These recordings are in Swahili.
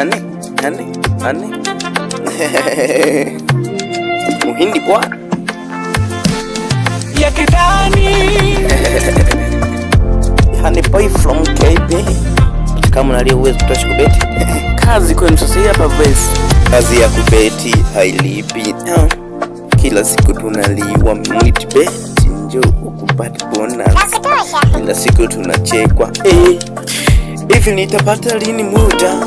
Hani, hani, hani. Muhindi kwa yakidani hani boy from KB. Kama unalia uwezo kutoshi kubeti kazi kwenu sasa. Hii hapa verse, kazi ya kubeti hailipi oh. kila siku tunaliwa mwiti beti, njo ukupati bonus kila siku tunachekwa. Hivi eh. nitapata lini muda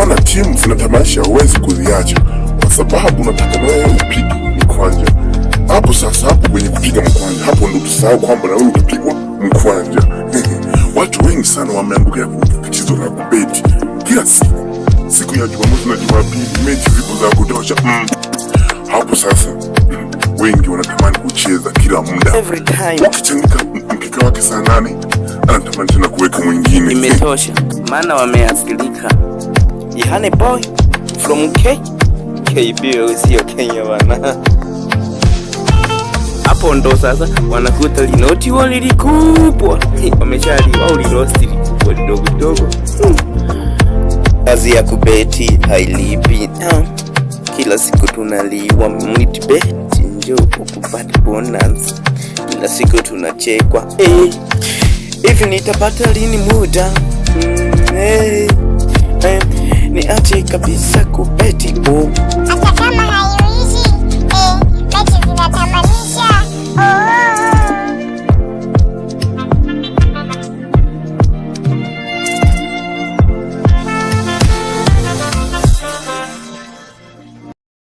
Ukiwa na timu zina tamasha, huwezi kuziacha kwa sababu unataka nawe upige mkwanja. Hapo sasa, hapo kwenye kupiga mkwanja, hapo ndo tusahau kwamba na wewe utapigwa mkwanja. Watu wengi sana wameanguka tatizo la kubeti kila siku, siku ya Jumamosi na Jumapili mechi zipo za kutosha. Mm. Hapo sasa wengi wanatamani kucheza kila muda, ukichanika mkeka mm, wake saa nane anatamani tena kuweka mwingine. Imetosha maana wameathirika. Ihane boy from K KB sio Kenya bana. Hapo ndo sasa wanakuta linoti wao lilikubwa, wameshaliwa au lilosti likubwa lidogo dogo. Kazi ya kubeti hailipi Kila siku tunaliwa mwiti beti, njo ukupate bonus. Kila siku tunachekwa eh, hivi hey. Nitapata lini muda mm, hey. Eh niache kabisa